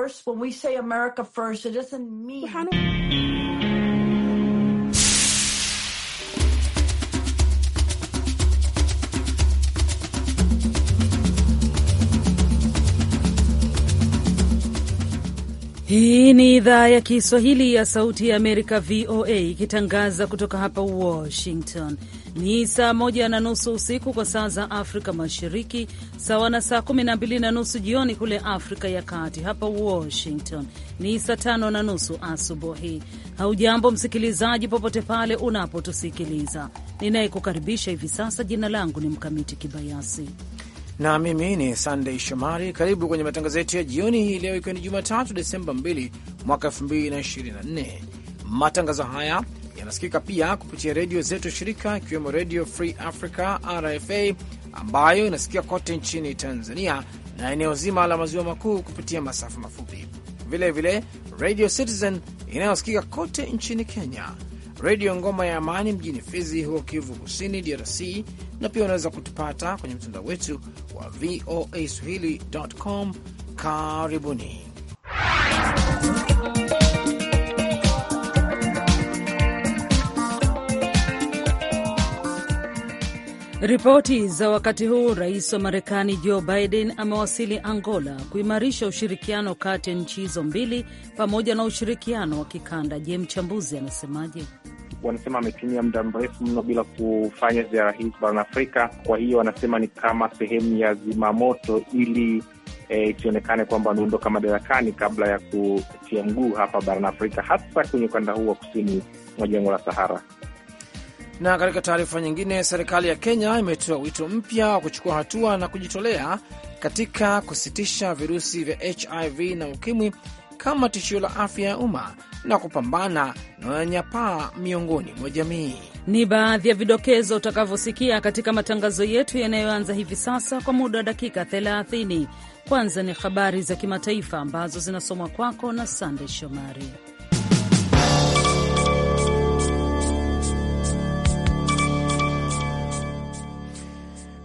first, when we say America first, it doesn't mean. Hii ni idhaa ya Kiswahili ya Sauti ya Amerika, VOA, ikitangaza kutoka hapa Washington. Ni saa moja na nusu usiku kwa saa za Afrika Mashariki, sawa na saa kumi na mbili na nusu jioni kule Afrika ya Kati. Hapa Washington ni saa tano na nusu asubuhi. Haujambo msikilizaji, popote pale unapotusikiliza. Ninayekukaribisha hivi sasa, jina langu ni Mkamiti Kibayasi na mimi ni sandey Shomari. Karibu kwenye matangazo yetu ya jioni hii leo, ikiwa ni Jumatatu Desemba 2 mwaka 2024. Matangazo haya yanasikika pia kupitia redio zetu shirika, ikiwemo Redio Free Africa RFA ambayo inasikika kote nchini Tanzania na eneo zima la maziwa makuu kupitia masafa mafupi, vilevile Radio Citizen inayosikika kote nchini Kenya, Redio Ngoma ya Amani mjini Fizi huko Kivu Kusini, DRC, na pia unaweza kutupata kwenye mtandao wetu wa voa swahili.com. Karibuni. Ripoti za wakati huu, rais wa Marekani Joe Biden amewasili Angola kuimarisha ushirikiano kati ya nchi hizo mbili pamoja na ushirikiano wa kikanda. Je, mchambuzi anasemaje? Wanasema ametumia muda mrefu mno bila kufanya ziara hizi barani Afrika. Kwa hiyo wanasema ni kama sehemu ya zimamoto ili ikionekane eh, e, kwamba ameondoka madarakani kabla ya kutia mguu hapa barani Afrika, hasa kwenye ukanda huu wa kusini mwa jangwa la Sahara. Na katika taarifa nyingine, serikali ya Kenya imetoa wito mpya wa kuchukua hatua na kujitolea katika kusitisha virusi vya HIV na ukimwi kama tishio la afya ya umma na kupambana na wanyapaa miongoni mwa jamii. Ni baadhi ya vidokezo utakavyosikia katika matangazo yetu yanayoanza hivi sasa kwa muda wa dakika 30. Kwanza ni habari za kimataifa ambazo zinasomwa kwako na Sande Shomari.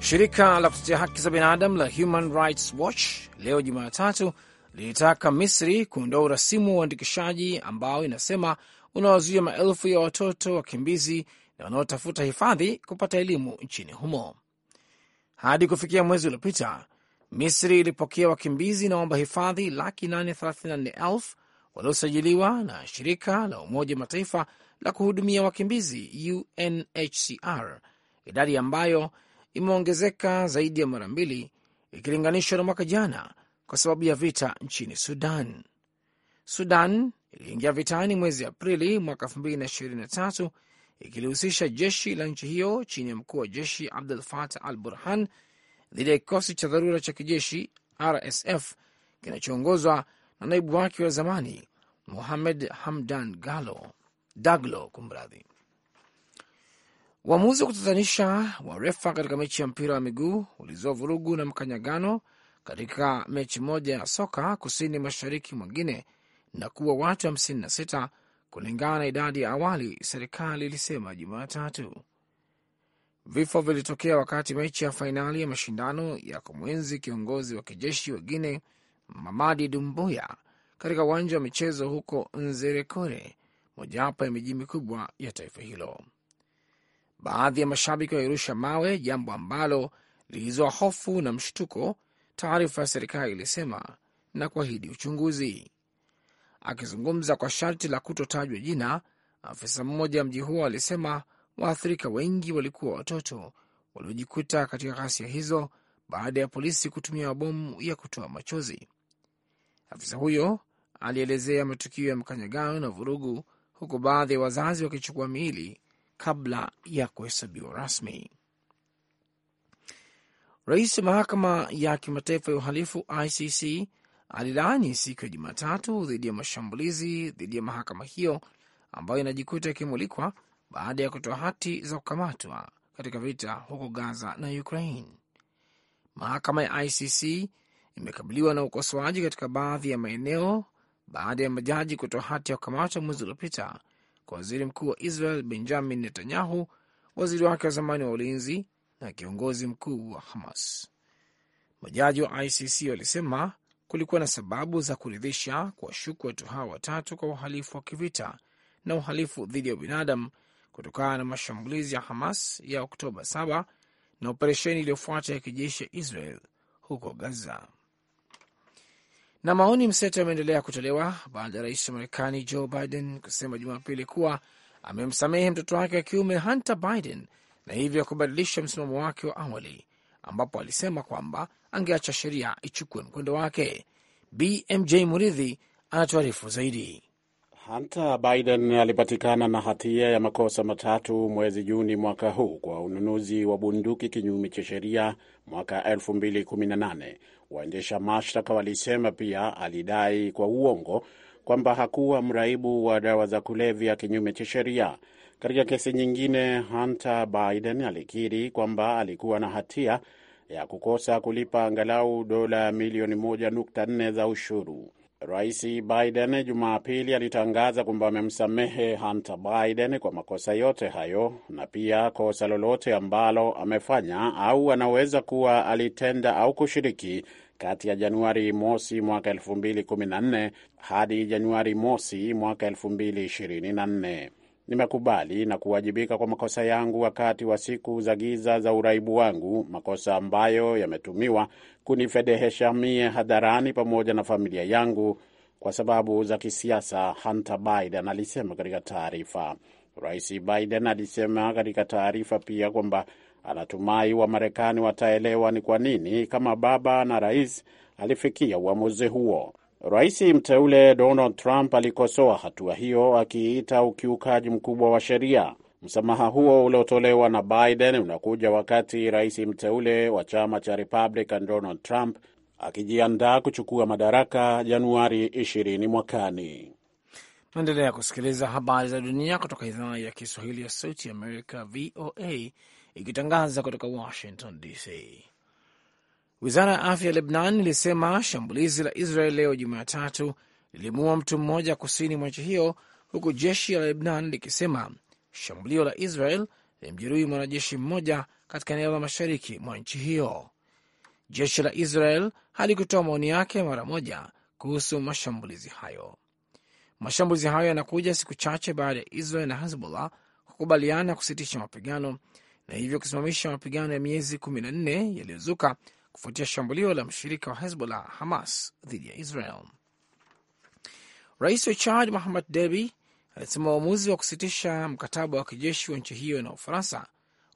Shirika la kutetea haki za binadamu la Human Rights Watch leo Jumatatu lilitaka Misri kuondoa urasimu wa uandikishaji ambao inasema unawazuia maelfu ya watoto wakimbizi na wanaotafuta hifadhi kupata elimu nchini humo. Hadi kufikia mwezi uliopita, Misri ilipokea wakimbizi na waomba hifadhi laki 834 waliosajiliwa na shirika la Umoja Mataifa la kuhudumia wakimbizi UNHCR, idadi ambayo imeongezeka zaidi ya mara mbili ikilinganishwa na mwaka jana kwa sababu ya vita nchini Sudan. Sudan iliingia vitani mwezi Aprili mwaka 2023 ikilihusisha jeshi la nchi hiyo chini ya mkuu wa jeshi Abdul Fatah al Burhan dhidi ya kikosi cha dharura cha kijeshi RSF kinachoongozwa na naibu wake wa zamani muhamed Hamdan Galo Daglo, kumradhi. Uamuzi wa kutatanisha wa refa katika mechi ya mpira wa miguu ulizoa vurugu na mkanyagano katika mechi moja ya soka kusini mashariki mwingine na kuwa watu 56 kulingana na idadi ya awali, serikali ilisema Jumatatu. Vifo vilitokea wakati mechi ya fainali ya mashindano ya kumwenzi kiongozi wa kijeshi wa Guine Mamadi Dumbuya katika uwanja wa michezo huko Nzerekore, mojawapo ya miji mikubwa ya taifa hilo. Baadhi ya mashabiki walirusha mawe, jambo ambalo lilizoa hofu na mshtuko, taarifa ya serikali ilisema na kuahidi uchunguzi. Akizungumza kwa sharti la kutotajwa jina, afisa mmoja mji huo alisema waathirika wengi walikuwa watoto waliojikuta katika ghasia hizo baada ya polisi kutumia mabomu ya kutoa machozi. Afisa huyo alielezea matukio ya mkanyagano na vurugu, huku baadhi ya wazazi wakichukua miili kabla ya kuhesabiwa rasmi. Rais wa mahakama ya kimataifa ya uhalifu ICC alilaani siku ya Jumatatu dhidi ya mashambulizi dhidi ya mahakama hiyo ambayo inajikuta ikimulikwa baada ya kutoa hati za kukamatwa katika vita huko Gaza na Ukraine. Mahakama ya ICC imekabiliwa na ukosoaji katika baadhi ya maeneo baada ya majaji kutoa hati ya kukamatwa mwezi uliopita kwa waziri mkuu wa Israel Benjamin Netanyahu, waziri wake wa zamani wa ulinzi na kiongozi mkuu wa Hamas. Majaji wa ICC walisema kulikuwa na sababu za kuridhisha kuwashuku watu hawa watatu kwa uhalifu wa kivita na uhalifu dhidi ya binadamu kutokana na mashambulizi ya Hamas ya Oktoba 7 na operesheni iliyofuata ya kijeshi ya Israel huko Gaza. Na maoni mseto yameendelea kutolewa baada ya rais wa Marekani Joe Biden kusema Jumapili kuwa amemsamehe mtoto wake wa kiume Hunter Biden na hivyo kubadilisha msimamo wake wa awali ambapo alisema kwamba angeacha sheria ichukue mkondo wake. BMJ Muridhi anatuarifu zaidi. Hunter Biden alipatikana na hatia ya makosa matatu mwezi Juni mwaka huu kwa ununuzi wa bunduki kinyume cha sheria mwaka 2018. Waendesha mashtaka walisema pia alidai kwa uongo kwamba hakuwa mraibu wa dawa za kulevya kinyume cha sheria. Katika kesi nyingine, Hunter Biden alikiri kwamba alikuwa na hatia ya kukosa kulipa angalau dola milioni 1.4 za ushuru. Rais Biden Jumapili alitangaza kwamba amemsamehe Hunter Biden kwa makosa yote hayo na pia kosa lolote ambalo amefanya au anaweza kuwa alitenda au kushiriki kati ya Januari mosi mwaka 2014 hadi Januari mosi mwaka 2024. Nimekubali na kuwajibika kwa makosa yangu wakati wa siku za giza za uraibu wangu, makosa ambayo yametumiwa kunifedehesha mie hadharani pamoja na familia yangu kwa sababu za kisiasa, Hunter Biden alisema katika taarifa. Rais Biden alisema katika taarifa pia kwamba anatumai Wamarekani wataelewa ni kwa nini kama baba na rais alifikia uamuzi huo. Rais mteule Donald Trump alikosoa hatua hiyo akiita ukiukaji mkubwa wa sheria. Msamaha huo uliotolewa na Biden unakuja wakati rais mteule wa chama cha Republican Donald Trump akijiandaa kuchukua madaraka Januari 20 mwakani. Naendelea kusikiliza habari za dunia kutoka idhaa ya Kiswahili ya Sauti ya Amerika, VOA, ikitangaza kutoka Washington DC. Wizara ya afya ya Lebnan ilisema shambulizi la Israel leo Jumatatu lilimuua mtu mmoja kusini mwa nchi hiyo, huku jeshi la Lebnan likisema shambulio la Israel lilimjeruhi mwanajeshi mmoja katika eneo la mashariki mwa nchi hiyo. Jeshi la Israel halikutoa maoni yake mara moja kuhusu mashambulizi hayo. Mashambulizi hayo yanakuja siku chache baada ya Israel na Hezbollah kukubaliana kusitisha mapigano na hivyo kusimamisha mapigano ya miezi 14 yaliyozuka kufuatia shambulio la mshirika wa Hezbollah Hamas dhidi ya Israel. Rais wa Chad Mahamad Deby alisema uamuzi wa kusitisha mkataba wa kijeshi wa nchi hiyo na Ufaransa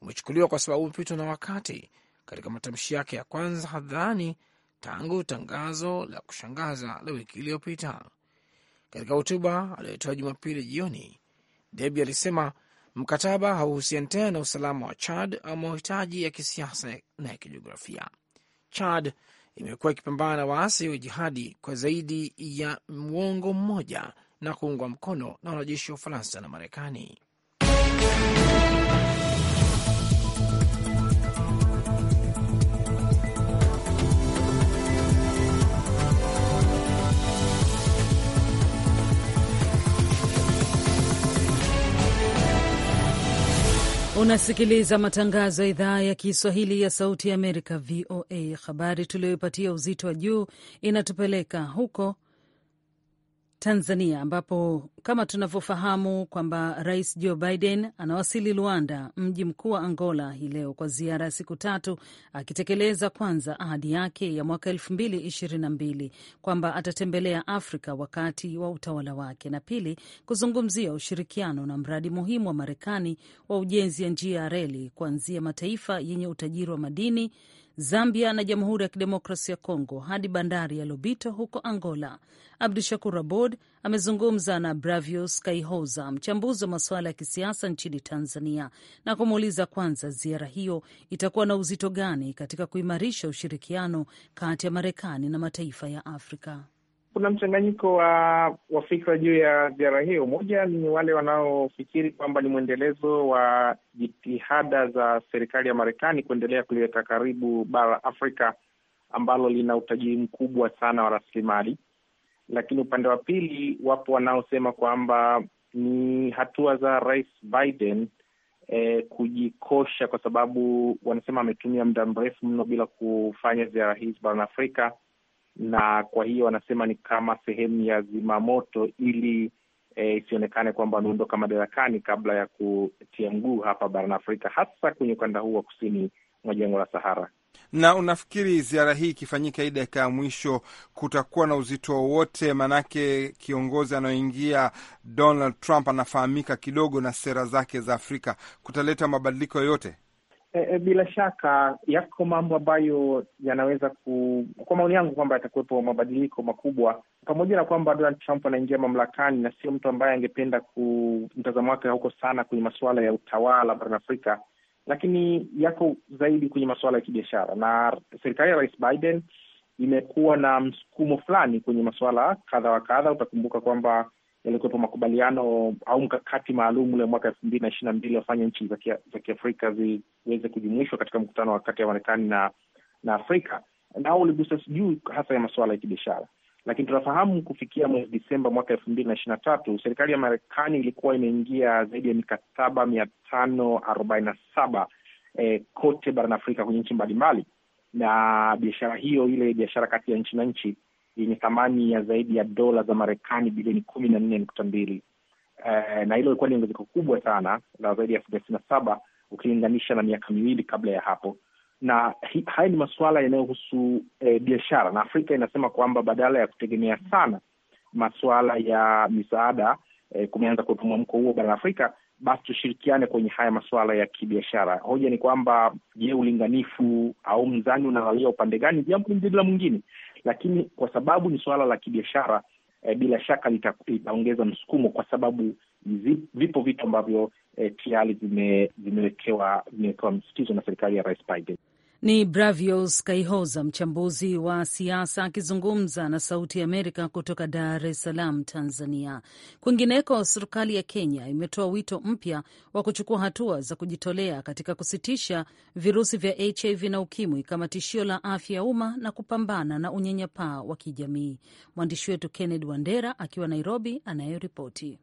umechukuliwa kwa sababu mpito na wakati, katika matamshi yake ya kwanza hadharani tangu tangazo la kushangaza la wiki iliyopita. Katika hotuba aliyotoa Jumapili jioni, debi alisema mkataba hauhusiani tena na usalama wa Chad au mahitaji ya kisiasa na ya kijiografia. Chad imekuwa ikipambana na waasi wa jihadi kwa zaidi ya mwongo mmoja na kuungwa mkono na wanajeshi wa Ufaransa na Marekani. Unasikiliza matangazo ya idhaa ya Kiswahili ya Sauti ya Amerika, VOA. Habari tuliyoipatia uzito wa juu inatupeleka huko Tanzania ambapo kama tunavyofahamu kwamba Rais Joe Biden anawasili Luanda, mji mkuu wa Angola, hii leo kwa ziara ya siku tatu, akitekeleza kwanza ahadi yake ya mwaka elfu mbili ishirini na mbili kwamba atatembelea Afrika wakati wa utawala wake, na pili kuzungumzia ushirikiano na mradi muhimu wa Marekani wa ujenzi ya njia ya reli kuanzia mataifa yenye utajiri wa madini Zambia na Jamhuri ya Kidemokrasia ya Kongo hadi bandari ya Lobito huko Angola. Abdu Shakur Abod amezungumza na Bravius Kaihoza, mchambuzi wa masuala ya kisiasa nchini Tanzania, na kumuuliza kwanza ziara hiyo itakuwa na uzito gani katika kuimarisha ushirikiano kati ya Marekani na mataifa ya Afrika kuna mchanganyiko wa, wa fikra juu ya ziara hiyo. Moja ni wale wanaofikiri kwamba ni mwendelezo wa jitihada za serikali ya Marekani kuendelea kuliweka karibu bara Afrika ambalo lina utajiri mkubwa sana wa rasilimali, lakini upande wa pili wapo wanaosema kwamba ni hatua za Rais Biden eh, kujikosha kwa sababu wanasema ametumia muda mrefu mno bila kufanya ziara hizi barani Afrika na kwa hiyo wanasema ni kama sehemu ya zimamoto ili e, isionekane kwamba wameondoka madarakani kabla ya kutia mguu hapa barani Afrika, hasa kwenye ukanda huu wa kusini mwa jengo la Sahara. Na unafikiri ziara hii ikifanyika hii dakika ya mwisho kutakuwa na uzito wowote? Maanake kiongozi anayoingia Donald Trump anafahamika kidogo na sera zake za Afrika, kutaleta mabadiliko yoyote? E, e, bila shaka yako mambo ambayo yanaweza ku, kwa maoni yangu kwamba yatakuwepo mabadiliko makubwa, pamoja na kwamba Donald Trump anaingia mamlakani na sio mtu ambaye angependa ku, mtazamo wake hauko sana kwenye masuala ya utawala barani Afrika, lakini yako zaidi kwenye masuala ya kibiashara, na serikali ya Rais Biden imekuwa na msukumo fulani kwenye masuala kadha wa kadha. Utakumbuka kwamba yalikuwepo makubaliano au mkakati maalum ule mwaka elfu mbili na ishirini na mbili wafanya nchi za kiafrika ziweze kujumuishwa katika mkutano wa kati ya Marekani na na Afrika nao uligusa sijui hasa ya masuala ya kibiashara, lakini tunafahamu kufikia mwezi Disemba mwaka elfu mbili na ishirini na tatu serikali ya Marekani ilikuwa imeingia zaidi ya mikataba mia tano arobaini na saba eh, kote barani Afrika kwenye nchi mbalimbali, na biashara hiyo ile biashara kati ya nchi na nchi yenye thamani ya zaidi ya dola za Marekani bilioni kumi na nne nukta mbili eh, na hilo ilikuwa ni ongezeko kubwa sana la zaidi ya asilimia sitini na saba ukilinganisha na miaka miwili kabla ya hapo na haya ni masuala yanayohusu eh, biashara na Afrika inasema kwamba badala ya kutegemea sana masuala ya misaada eh, kumeanza kuwepo mwamko huo barani Afrika, basi tushirikiane kwenye haya masuala ya kibiashara. Hoja ni kwamba je, ulinganifu au mzani unalalia upande gani? Jambo ni mjadala mwingine, lakini kwa sababu ni suala la kibiashara eh, bila shaka litaongeza msukumo kwa sababu vipo vitu ambavyo eh, tayari vimewekewa msitizo na serikali ya Rais Biden. Ni Bravios Kaihoza, mchambuzi wa siasa akizungumza na Sauti ya Amerika kutoka Dar es Salaam, Tanzania. Kwingineko, serikali ya Kenya imetoa wito mpya wa kuchukua hatua za kujitolea katika kusitisha virusi vya HIV na UKIMWI kama tishio la afya ya umma na kupambana na unyanyapaa wa kijamii. Mwandishi wetu kenned Wandera akiwa Nairobi anayoripoti.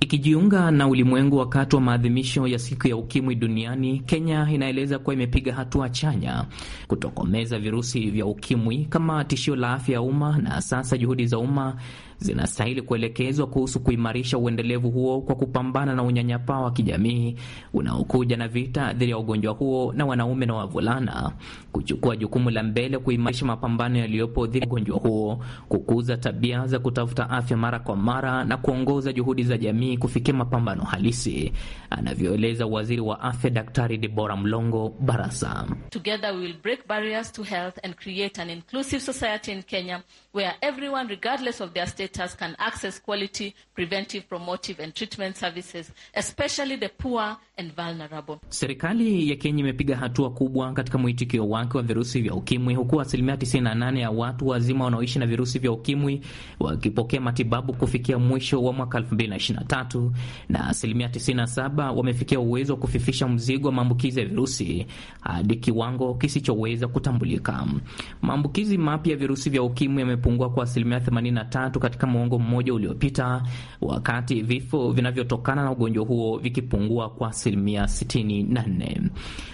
Ikijiunga na ulimwengu wakati wa maadhimisho ya siku ya ukimwi duniani, Kenya inaeleza kuwa imepiga hatua chanya kutokomeza virusi vya ukimwi kama tishio la afya ya umma, na sasa juhudi za umma zinastahili kuelekezwa kuhusu kuimarisha uendelevu huo kwa kupambana na unyanyapaa wa kijamii unaokuja na vita dhidi ya ugonjwa huo, na wanaume na wavulana kuchukua jukumu la mbele kuimarisha mapambano yaliyopo dhidi ya ugonjwa huo, kukuza tabia za kutafuta afya mara kwa mara na kuongoza juhudi za jamii kufikia mapambano halisi, anavyoeleza waziri wa afya Daktari Debora Mlongo Barasa. Together we will break barriers to health and create an inclusive society in Kenya where everyone, regardless of their status, can access quality preventive, promotive and treatment services, especially the poor and vulnerable. Serikali ya Kenya imepiga hatua kubwa katika mwitikio wake wa virusi vya ukimwi, huku asilimia 98 ya watu wazima wanaoishi na virusi vya ukimwi wakipokea matibabu kufikia mwisho wa mwaka 2023 na asilimia 97 wamefikia uwezo wa kufifisha mzigo wa maambukizi ya virusi hadi kiwango kisichoweza kutambulika. Maambukizi mapya ya virusi vya ukimwi yamepu kupungua kwa asilimia 83 katika muongo mmoja uliopita, wakati vifo vinavyotokana na ugonjwa huo vikipungua kwa asilimia 64.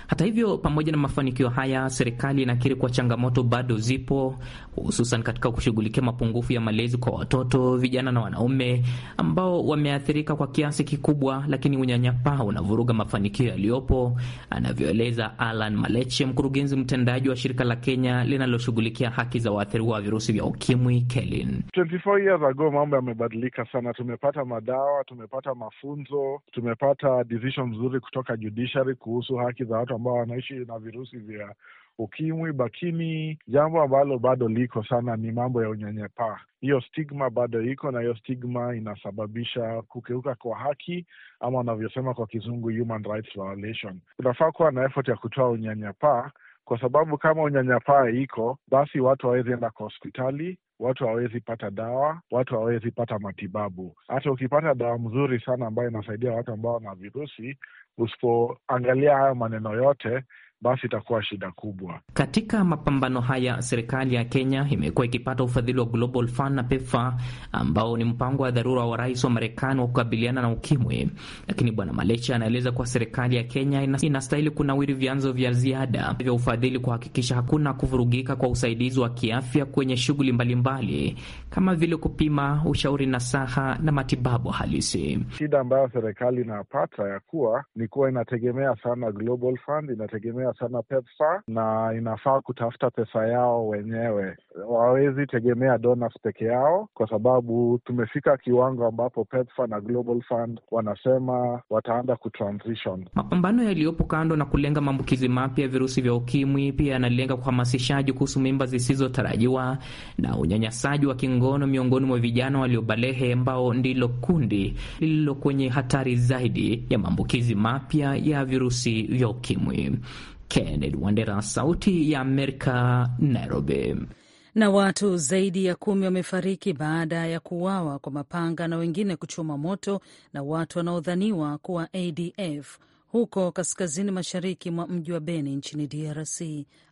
Hata hivyo, pamoja na mafanikio haya, serikali inakiri kuwa changamoto bado zipo, hususan katika kushughulikia mapungufu ya malezi kwa watoto, vijana na wanaume ambao wameathirika kwa kiasi kikubwa, lakini unyanyapaa unavuruga mafanikio yaliyopo, anavyoeleza Alan Maleche, mkurugenzi mtendaji wa shirika la Kenya linaloshughulikia haki za waathiriwa wa virusi vya ukimwi Kelin. 24 years ago mambo yamebadilika sana, tumepata madawa, tumepata mafunzo, tumepata decision nzuri kutoka judiciary kuhusu haki za watu ambao wanaishi na virusi vya ukimwi, lakini jambo ambalo bado liko sana ni mambo ya unyanyapaa. Hiyo stigma bado iko na hiyo stigma inasababisha kukeuka kwa haki ama wanavyosema kwa kizungu human rights violation. Kunafaa kuwa na effort ya kutoa unyanyapaa kwa sababu kama unyanyapaa iko, basi watu hawezi enda kwa hospitali, watu hawezi pata dawa, watu hawezi pata matibabu. Hata ukipata dawa mzuri sana ambayo inasaidia watu ambao wana virusi, usipoangalia hayo maneno yote, basi itakuwa shida kubwa. Katika mapambano haya, serikali ya Kenya imekuwa ikipata ufadhili wa Global Fund na PEPFAR ambao ni mpango wa dharura wa rais wa Marekani wa kukabiliana na ukimwi. Lakini Bwana Malecha anaeleza kuwa serikali ya Kenya inastahili kunawiri vyanzo vya ziada vya ufadhili kuhakikisha hakuna kuvurugika kwa usaidizi wa kiafya kwenye shughuli mbalimbali kama vile kupima, ushauri na saha na matibabu halisi. Shida ambayo serikali inapata ya kuwa ni kuwa inategemea sana Global Fund, inategemea sana PEPFAR na inafaa kutafuta pesa yao wenyewe, wawezi tegemea donors peke yao, kwa sababu tumefika kiwango ambapo PEPFAR na Global Fund wanasema wataanza kutransition. Mapambano yaliyopo kando na kulenga maambukizi mapya ya virusi vya ukimwi, pia yanalenga uhamasishaji kuhusu mimba zisizotarajiwa na unyanyasaji wa kingono miongoni mwa vijana waliobalehe, ambao ndilo kundi lililo kwenye hatari zaidi ya maambukizi mapya ya virusi vya ukimwi. Kennedy Wandera, Sauti ya Amerika, Nairobi. Na watu zaidi ya kumi wamefariki baada ya kuuawa kwa mapanga na wengine kuchoma moto na watu wanaodhaniwa kuwa ADF huko kaskazini mashariki mwa mji wa Beni nchini DRC.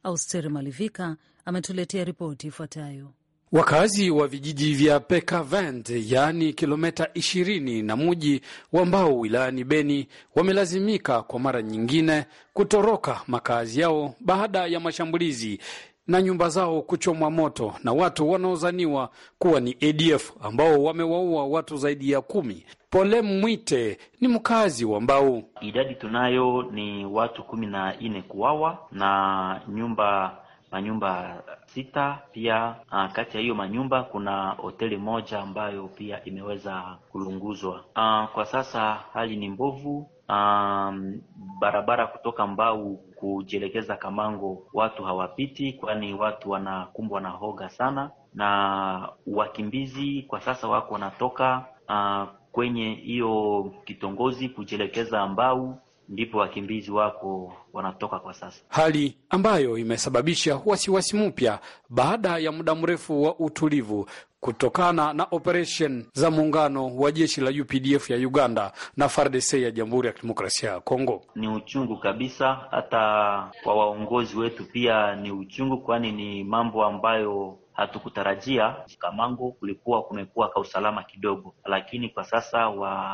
Austeri Malivika ametuletea ripoti ifuatayo. Wakazi wa vijiji vya Pekavent yaani kilometa ishirini na muji wa mbao wilayani Beni wamelazimika kwa mara nyingine kutoroka makazi yao baada ya mashambulizi na nyumba zao kuchomwa moto na watu wanaozaniwa kuwa ni ADF ambao wamewaua watu zaidi ya kumi. Pole Mwite ni mkazi wa Mbau. Idadi tunayo ni watu kumi na nne kuwawa na nyumba manyumba sita. Pia uh, kati ya hiyo manyumba kuna hoteli moja ambayo pia imeweza kulunguzwa. Uh, kwa sasa hali ni mbovu. Um, barabara kutoka Mbau kujielekeza Kamango watu hawapiti, kwani watu wanakumbwa na hoga sana, na wakimbizi kwa sasa wako wanatoka uh, kwenye hiyo kitongozi kujielekeza Mbau ndipo wakimbizi wako wanatoka kwa sasa, hali ambayo imesababisha wasiwasi mpya baada ya muda mrefu wa utulivu kutokana na operesheni za muungano wa jeshi la UPDF ya Uganda na FARDC ya Jamhuri ya Kidemokrasia ya Kongo. Ni uchungu kabisa, hata kwa waongozi wetu pia ni uchungu, kwani ni mambo ambayo hatukutarajia. Kamango kulikuwa kumekuwa ka usalama kidogo, lakini kwa sasa wa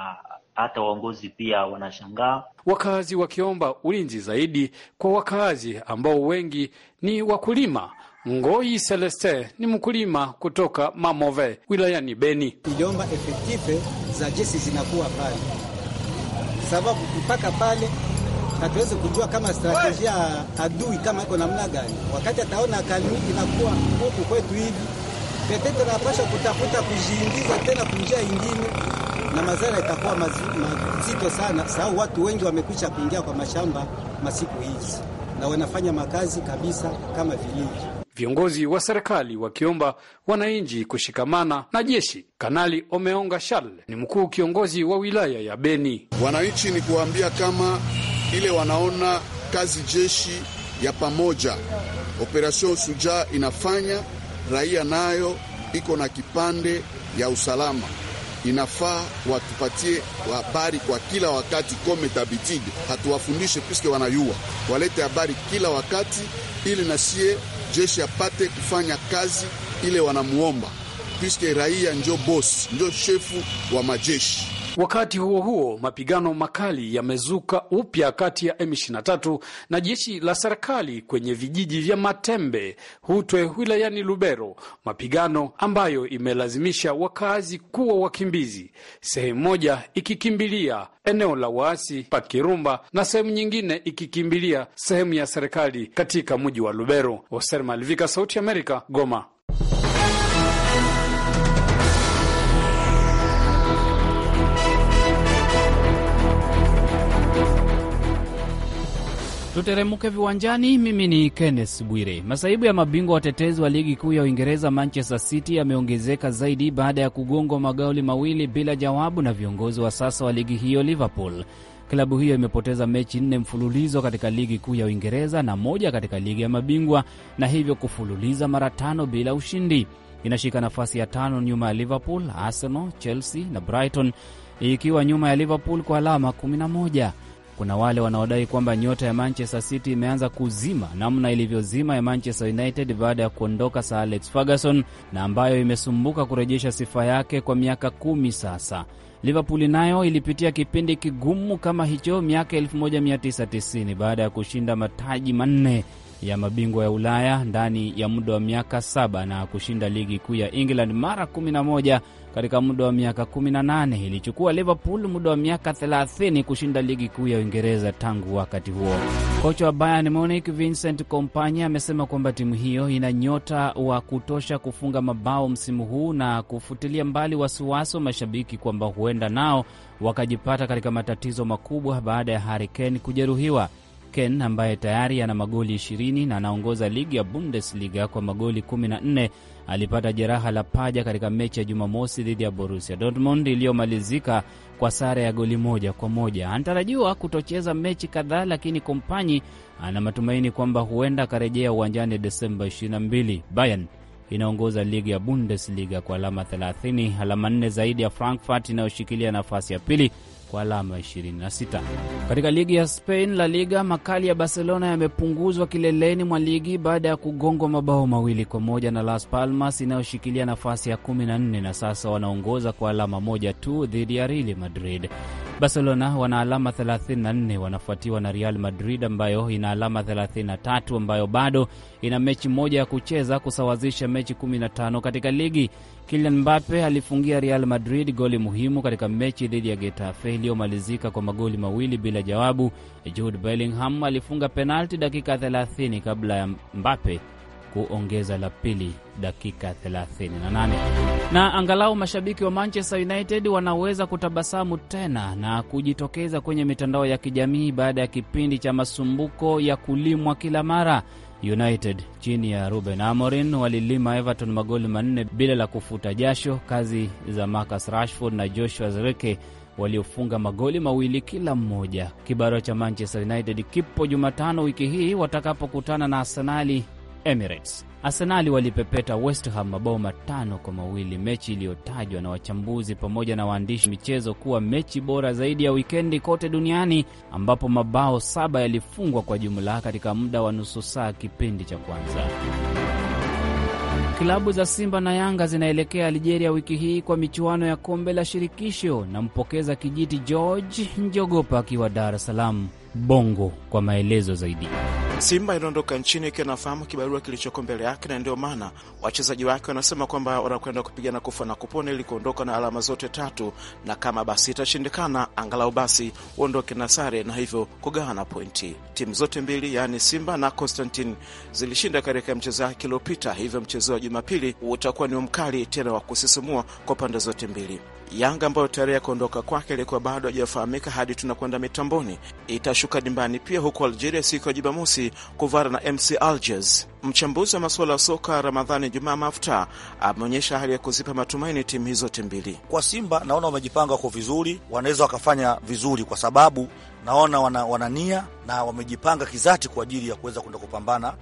hata waongozi pia wanashangaa, wakazi wakiomba ulinzi zaidi kwa wakazi ambao wengi ni wakulima. Ngoi Celeste ni mkulima kutoka Mamove wilayani Beni. iliomba efektife za jeshi zinakuwa pale, sababu mpaka pale hatuwezi kujua kama strategia ya adui kama iko namna gani. Wakati ataona kalmi inakuwa huku kwetu hivi, petete napasha kutafuta kujiingiza tena kunjia ingine na mazara itakuwa mazito sana, sababu watu wengi wamekwisha kuingia kwa mashamba masiku hizi na wanafanya makazi kabisa kama vilivyo. Viongozi wa serikali wakiomba wananchi kushikamana na jeshi. Kanali Omeonga Charles ni mkuu kiongozi wa wilaya ya Beni. Wananchi ni kuwaambia kama ile wanaona kazi jeshi ya pamoja operasyon sujaa inafanya, raia nayo iko na kipande ya usalama inafaa watupatie habari kwa kila wakati, kome tabitide hatuwafundishe piske wanayua, walete habari kila wakati, ili nasie jeshi apate kufanya kazi ile wanamuomba, piske raia njo bosi njo shefu wa majeshi. Wakati huo huo, mapigano makali yamezuka upya kati ya M23 na jeshi la serikali kwenye vijiji vya Matembe, Hutwe wilayani Lubero, mapigano ambayo imelazimisha wakazi kuwa wakimbizi, sehemu moja ikikimbilia eneo la waasi pa Kirumba na sehemu nyingine ikikimbilia sehemu ya serikali katika mji wa Lubero. Oser malivika Sauti ya Amerika, Goma. Tuteremke viwanjani. Mimi ni Kenneth Bwire. Masaibu ya mabingwa watetezi wa ligi kuu ya Uingereza, Manchester City, yameongezeka zaidi baada ya kugongwa magauli mawili bila jawabu na viongozi wa sasa wa ligi hiyo Liverpool. Klabu hiyo imepoteza mechi nne mfululizo katika ligi kuu ya Uingereza na moja katika ligi ya mabingwa na hivyo kufululiza mara tano bila ushindi. Inashika nafasi ya tano nyuma ya Liverpool, Arsenal, Chelsea na Brighton, ikiwa nyuma ya Liverpool kwa alama 11. Kuna wale wanaodai kwamba nyota ya Manchester City imeanza kuzima namna ilivyozima ya Manchester United baada ya kuondoka Sir Alex Ferguson na ambayo imesumbuka kurejesha sifa yake kwa miaka kumi sasa. Liverpool nayo ilipitia kipindi kigumu kama hicho miaka 1990 baada ya kushinda mataji manne ya mabingwa ya Ulaya ndani ya muda wa miaka saba na kushinda ligi kuu ya England mara 11 katika muda wa miaka 18. Ilichukua Liverpool muda wa miaka 30 kushinda ligi kuu ya Uingereza tangu wakati huo. Kocha wa Bayern Munich Vincent Kompany amesema kwamba timu hiyo ina nyota wa kutosha kufunga mabao msimu huu na kufutilia mbali wasiwasi wa mashabiki kwamba huenda nao wakajipata katika matatizo makubwa baada ya Harry Kane kujeruhiwa. Ken ambaye tayari ana magoli 20 na anaongoza ligi ya Bundesliga kwa magoli 14 alipata jeraha la paja katika mechi ya Jumamosi dhidi ya Borussia Dortmund iliyomalizika kwa sare ya goli moja kwa moja. Anatarajiwa kutocheza mechi kadhaa, lakini Kompanyi ana matumaini kwamba huenda akarejea uwanjani Desemba 22. Bayern inaongoza ligi ya Bundesliga kwa alama 30, alama 4 zaidi ya Frankfurt inayoshikilia nafasi ya pili kwa alama 26. Katika ligi ya Spain La Liga, makali ya Barcelona yamepunguzwa kileleni mwa ligi baada ya kugongwa mabao mawili kwa moja na Las Palmas inayoshikilia nafasi ya 14 na sasa wanaongoza kwa alama moja tu dhidi ya Real Madrid. Barcelona wana alama 34, wanafuatiwa na Real Madrid ambayo ina alama 33, ambayo bado ina mechi moja ya kucheza kusawazisha mechi 15 katika ligi. Kylian Mbappe alifungia Real Madrid goli muhimu katika mechi dhidi ya Getafe iliyomalizika kwa magoli mawili bila jawabu. Jude Bellingham alifunga penalti dakika 30 kabla ya Mbappe kuongeza la pili dakika 38. Na angalau mashabiki wa Manchester United wanaweza kutabasamu tena na kujitokeza kwenye mitandao ya kijamii baada ya kipindi cha masumbuko ya kulimwa kila mara. United chini ya Ruben Amorin walilima Everton magoli manne bila la kufuta jasho, kazi za Marcus Rashford na Joshua Zirkzee waliofunga magoli mawili kila mmoja. Kibarua cha Manchester United kipo Jumatano wiki hii watakapokutana na Arsenali Emirates. Arsenali walipepeta West Ham mabao matano kwa mawili, mechi iliyotajwa na wachambuzi pamoja na waandishi michezo kuwa mechi bora zaidi ya wikendi kote duniani, ambapo mabao saba yalifungwa kwa jumla katika muda wa nusu saa kipindi cha kwanza. Klabu za Simba na Yanga zinaelekea Algeria wiki hii kwa michuano ya kombe la shirikisho na mpokeza kijiti George Njogopa akiwa Dar es Salaam. Bongo kwa maelezo zaidi. Simba inaondoka nchini ikiwa inafahamu kibarua kilichoko mbele yake, na ndio maana wachezaji wake wanasema kwamba wanakwenda kupigana kufa na kupona ili kuondoka na alama zote tatu, na kama basi itashindikana, angalau basi uondoke na sare na hivyo kugawana pointi. Timu zote mbili, yaani Simba na Constantine, zilishinda katika mchezo wake iliopita hivyo mchezo wa Jumapili utakuwa ni mkali tena wa kusisimua kwa pande zote mbili. Yanga ambayo tarehe ya kuondoka kwake ilikuwa bado haijafahamika hadi tunakwenda mitamboni, itashuka dimbani pia huko Algeria siku ya Jumamosi kuvara na MC Algiers. Mchambuzi wa masuala ya soka Ramadhani Jumaa Mafta ameonyesha hali ya kuzipa matumaini timu hizo zote mbili. Kwa Simba naona wamejipanga kwa vizuri, wanaweza wakafanya vizuri kwa sababu naona wana, wanania na wamejipanga kizati kwa ajili ya kuweza kwenda kupambana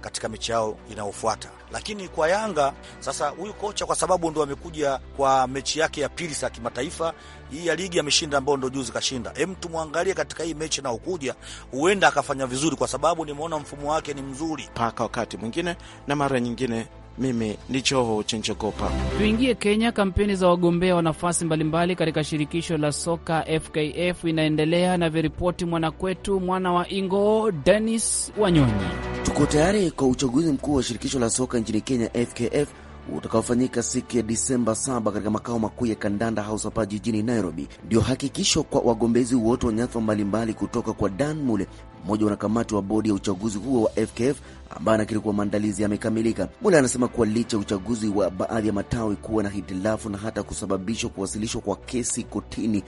katika mechi yao inayofuata. Lakini kwa Yanga sasa, huyu kocha kwa sababu ndo amekuja kwa mechi yake ya pili ya kimataifa hii ya ligi ameshinda, ambao ndo juzi kashinda. Hem, tumwangalie katika hii mechi inayokuja, huenda akafanya vizuri, kwa sababu nimeona mfumo wake ni mzuri. Mpaka wakati mwingine na mara nyingine. Mimi ni Choho Chenjogopa. Tuingie Kenya. Kampeni za wagombea wa nafasi mbalimbali katika shirikisho la soka FKF inaendelea, anavyoripoti mwanakwetu mwana wa Ingo Denis Wanyonyi. Tuko tayari kwa uchaguzi mkuu wa shirikisho la soka nchini Kenya, FKF, utakaofanyika siku ya Disemba 7 katika makao makuu ya Kandanda House hapa jijini Nairobi. Ndio hakikisho kwa wagombezi wote wa nyadhifa mbalimbali kutoka kwa Dan Mule, mmoja wa wanakamati wa bodi ya uchaguzi huo wa FKF ambaye anakiri kuwa maandalizi yamekamilika. Mule anasema kuwa licha ya uchaguzi wa baadhi ya matawi kuwa na hitilafu na hata kusababishwa kuwasilishwa kwa kesi kotini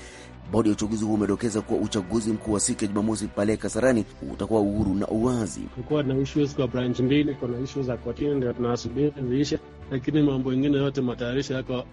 Bodi ya uchaguzi huo umedokeza kuwa uchaguzi mkuu wa siku ya Jumamosi pale Kasarani utakuwa uhuru na uwazi. Kulikuwa na issues kwa branch mbili, kuna issues za kotini ndio tunasubiri ziishe, lakini mambo mengine yote matayarisho yako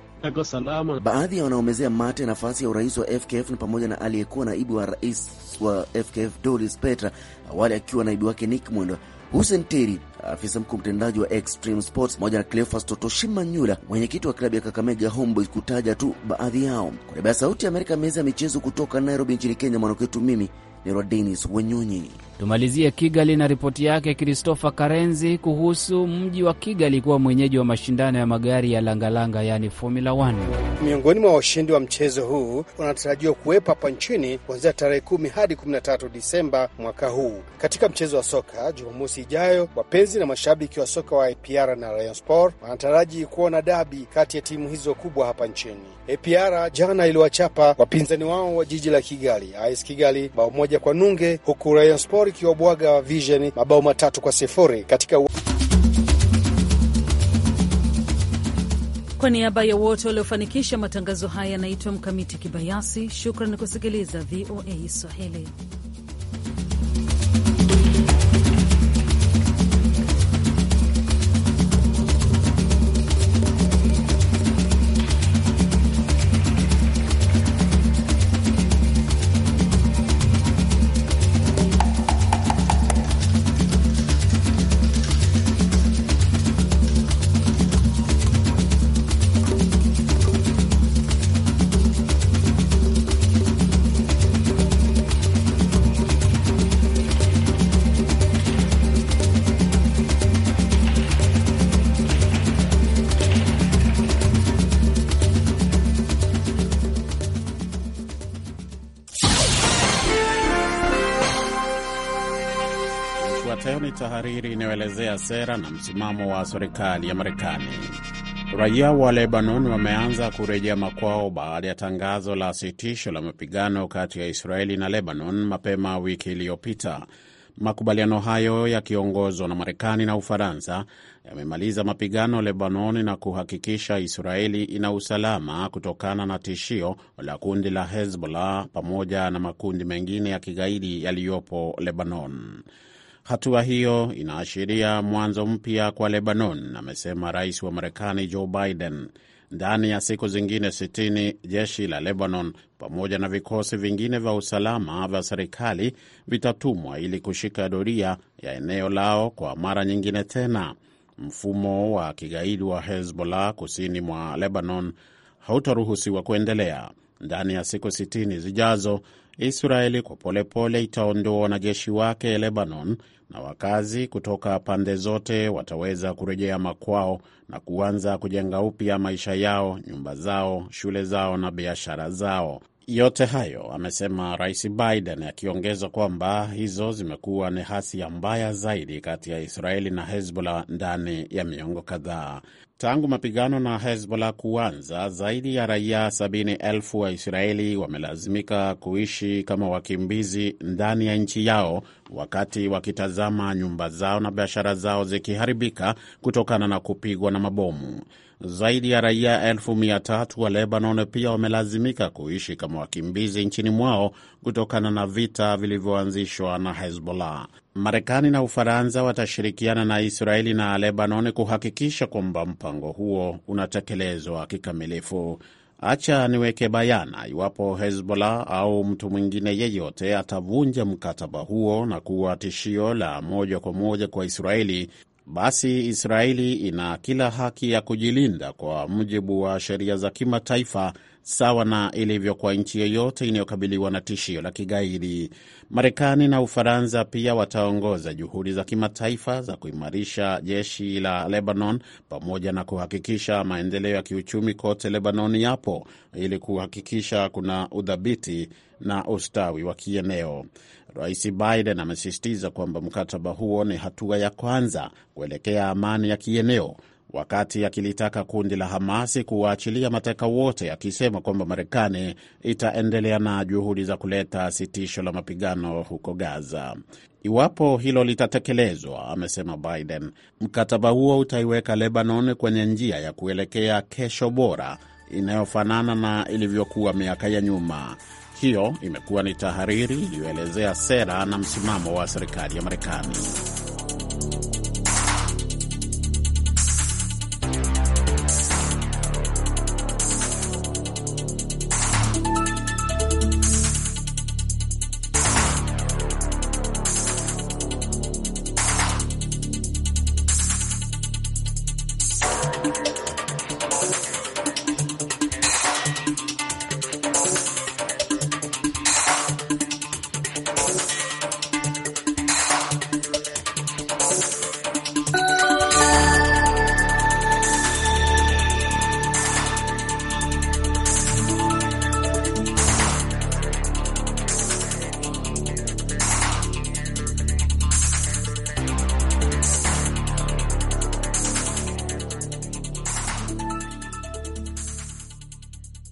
salama. Baadhi ya wanaomezea mate nafasi ya urais wa FKF ni pamoja na aliyekuwa naibu wa rais wa FKF Doris Petra, awali akiwa naibu wake Nick Mwendo, Hussein Teri, afisa mkuu mtendaji wa Extreme Sports, pamoja na Cleophas Totoshimanyula, mwenyekiti wa klabu ya Kakamega Homeboys, kutaja tu baadhi yao. Kwa niaba ya Sauti ya Amerika, meza ya michezo kutoka Nairobi nchini Kenya, mwanakwetu mimi ni Rwa Denis Wenyonyi. Tumalizie Kigali na ripoti yake Christopher Karenzi kuhusu mji wa Kigali kuwa mwenyeji wa mashindano ya magari ya langalanga yani Formula 1. Miongoni mwa washindi wa mchezo huu wanatarajiwa kuwepo hapa nchini kuanzia tarehe 10 hadi 13 Disemba mwaka huu. Katika mchezo wa soka Jumamosi ijayo, wapenzi na mashabiki wa soka wa APR na Rayon Sport wanataraji kuona dabi kati ya timu hizo kubwa hapa nchini. APR jana iliwachapa wapinzani wao wa jiji la Kigali AS Kigali bao moja kwa nunge, huku Rayon Sport Gor ikiwabwaga Vision mabao matatu kwa sifuri katika Kwa niaba ya wote waliofanikisha matangazo haya, yanaitwa Mkamiti Kibayasi. Shukran kusikiliza VOA Swahili. kuelezea sera na msimamo wa serikali ya Marekani. Raia wa Lebanon wameanza kurejea makwao baada ya tangazo la sitisho la mapigano kati ya Israeli na Lebanon mapema wiki iliyopita. Makubaliano hayo yakiongozwa na Marekani na Ufaransa yamemaliza mapigano Lebanon na kuhakikisha Israeli ina usalama kutokana na tishio la kundi la Hezbollah pamoja na makundi mengine ya kigaidi yaliyopo Lebanon. Hatua hiyo inaashiria mwanzo mpya kwa Lebanon, amesema rais wa Marekani Joe Biden. Ndani ya siku zingine 60 jeshi la Lebanon pamoja na vikosi vingine vya usalama vya serikali vitatumwa ili kushika doria ya eneo lao kwa mara nyingine tena. Mfumo wa kigaidi wa Hezbollah kusini mwa Lebanon hautaruhusiwa kuendelea. Ndani ya siku 60 zijazo, Israeli kwa polepole itaondoa wanajeshi wake Lebanon na wakazi kutoka pande zote wataweza kurejea makwao na kuanza kujenga upya maisha yao, nyumba zao, shule zao na biashara zao. Yote hayo amesema Rais Biden, akiongeza kwamba hizo zimekuwa ni hasia mbaya zaidi kati ya Israeli na Hezbollah ndani ya miongo kadhaa. Tangu mapigano na Hezbollah kuanza, zaidi ya raia sabini elfu wa Israeli wamelazimika kuishi kama wakimbizi ndani ya nchi yao, wakati wakitazama nyumba zao na biashara zao zikiharibika kutokana na kupigwa na mabomu. Zaidi ya raia elfu mia tatu wa Lebanon pia wamelazimika kuishi kama wakimbizi nchini mwao kutokana na vita vilivyoanzishwa na Hezbollah. Marekani na Ufaransa watashirikiana na Israeli na Lebanon kuhakikisha kwamba mpango huo unatekelezwa kikamilifu. Acha niweke bayana, iwapo Hezbollah au mtu mwingine yeyote atavunja mkataba huo na kuwa tishio la moja kwa moja kwa Israeli, basi Israeli ina kila haki ya kujilinda kwa mujibu wa sheria za kimataifa sawa na ilivyo kwa nchi yeyote inayokabiliwa na tishio la kigaidi. Marekani na Ufaransa pia wataongoza juhudi za kimataifa za kuimarisha jeshi la Lebanon pamoja na kuhakikisha maendeleo ya kiuchumi kote Lebanon yapo ili kuhakikisha kuna udhabiti na ustawi wa kieneo. Rais Biden amesisitiza kwamba mkataba huo ni hatua ya kwanza kuelekea amani ya kieneo, wakati akilitaka kundi la Hamasi kuwaachilia mateka wote, akisema kwamba Marekani itaendelea na juhudi za kuleta sitisho la mapigano huko Gaza. Iwapo hilo litatekelezwa, amesema Biden, mkataba huo utaiweka Lebanon kwenye njia ya kuelekea kesho bora inayofanana na ilivyokuwa miaka ya nyuma. Hiyo imekuwa ni tahariri iliyoelezea sera na msimamo wa serikali ya Marekani.